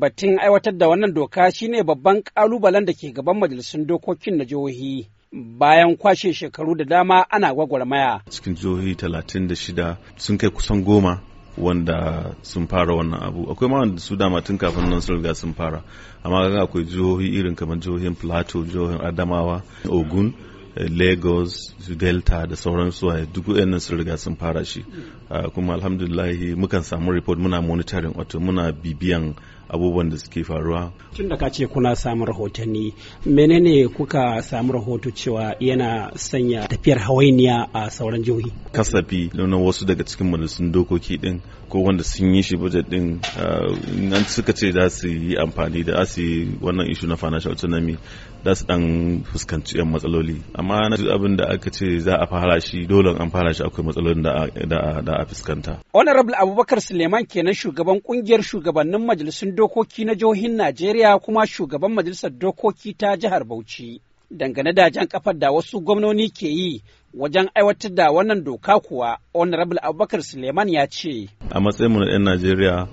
batun aiwatar da wannan doka shine babban kalubalen da ke gaban majalisun dokokin na jihohi. bayan kwashe shekaru da dama ana gwagwarmaya. Cikin jihohi talatin da shida, sun kai kusan goma wanda sun fara wannan abu akwai ma wanda su dama tun kafin nan sun riga sun fara amma ga akwai jihohi irin kamar jihohin plateau jihohin adamawa ogun eh, lagos delta da sauransu a duk wayannan sun riga sun fara shi ah, kuma alhamdulillahi mukan samu report muna monitoring wato muna bibiyan abubuwan da suke faruwa tun da ka ce kuna samun rahotanni menene kuka samu rahoto cewa yana sanya tafiyar hawainiya a sauran jihohi kasafi na wasu daga cikin majalisun dokoki din ko wanda sun yi shi budget din ah, nan suka ce za su yi amfani da su wannan ishu na financial autonomy da su dan fuskanci yan matsaloli amma na abin da aka ce za a fara shi dole an fara shi akwai matsalolin da a fuskanta honorable abubakar suleiman kenan shugaban kungiyar shugabannin majalisun dokoki na jihohin Najeriya kuma shugaban majalisar dokoki ta jihar Bauchi. Dangane da jan kafar da wasu gwamnoni ke yi wajen aiwatar da wannan doka kuwa, Honorable Abubakar Suleiman ya ce. A matsayinmu na 'yan Najeriya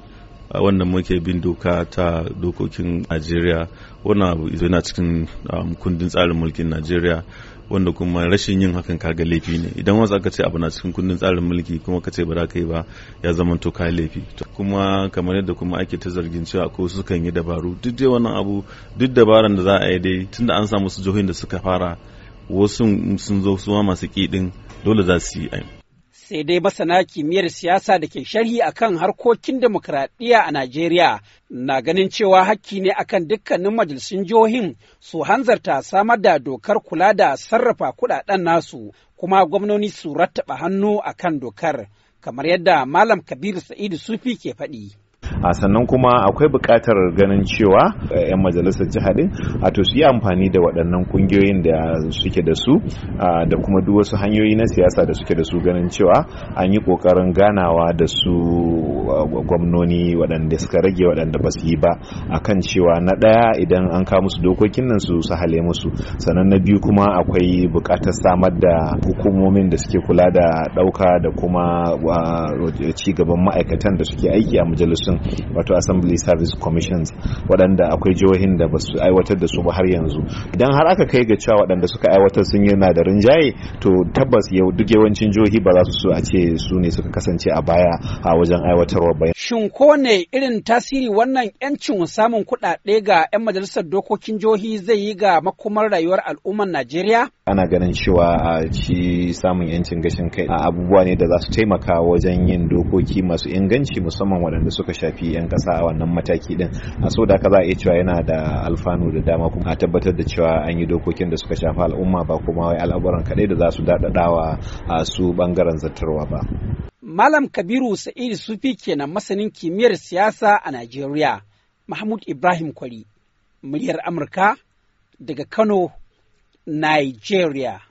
wannan muke bin doka ta dokokin najeriya wannan abu yana cikin um, kundin tsarin mulkin najeriya wanda kuma rashin yin hakan kaga laifi ne idan wasu aka ce abu na cikin kundin tsarin mulki kuma ka ce ba za ka yi ba ya zama to ka laifi kuma kamar yadda kuma ake ta zargin cewa ko su kan yi dabaru duk dai wannan abu duk dabaran da za a yi dai tunda an samu su jihohin da suka fara wasu sun zo suwa masu kidin dole za su yi sai dai masana kimiyyar siyasa da ke sharhi akan harkokin demokradiyya a Najeriya na ganin cewa hakki ne akan dukkanin majalisun jihohin su hanzarta samar da dokar kula da sarrafa kudaden nasu kuma gwamnoni su rattaba hannu akan dokar kamar yadda Malam Kabiru Sa'idu Sufi ke faɗi. a sannan kuma akwai buƙatar ganin cewa eh, 'yan majalisar jihadin a to su yi amfani da waɗannan ƙungiyoyin da suke da su da kuma duk wasu hanyoyi na siyasa da suke da su ganin cewa an yi ƙoƙarin ganawa da su gwamnoni waɗanda suka rage waɗanda ba su yi ba akan cewa na ɗaya idan an kawo musu dokokin nan su su hale musu sannan na biyu kuma akwai buƙatar samar da hukumomin da suke kula da ɗauka da kuma ci gaban ma'aikatan da suke aiki a majalisun wato assembly service commissions waɗanda akwai jihohin da basu aiwatar da su ba har yanzu idan har aka kai ga cewa waɗanda suka aiwatar sun yi na da rinjaye to tabbas yau duk yawancin jihohi ba za su so a ce su ne suka kasance a baya a wajen aiwatarwa ba shin ko ne irin tasiri wannan yancin samun kuɗaɗe ga 'yan majalisar dokokin jihohi zai yi ga makomar rayuwar al'ummar najeriya ana ganin cewa a ci samun yancin gashin kai abubuwa ne da za su taimaka wajen yin dokoki masu inganci musamman waɗanda suka shafi shafi 'yan kasa a wannan mataki din a so da za a iya cewa yana da alfanu da dama kuma a tabbatar da cewa an yi dokokin da suka shafi al'umma ba kuma wai al'abaran kaɗai da za su daɗaɗawa a su bangaren zartarwa ba. Malam Kabiru Sa'id Sufi kenan masanin kimiyyar siyasa a Najeriya, Mahmud Ibrahim Kwari, muryar Amurka daga Kano, Nigeria.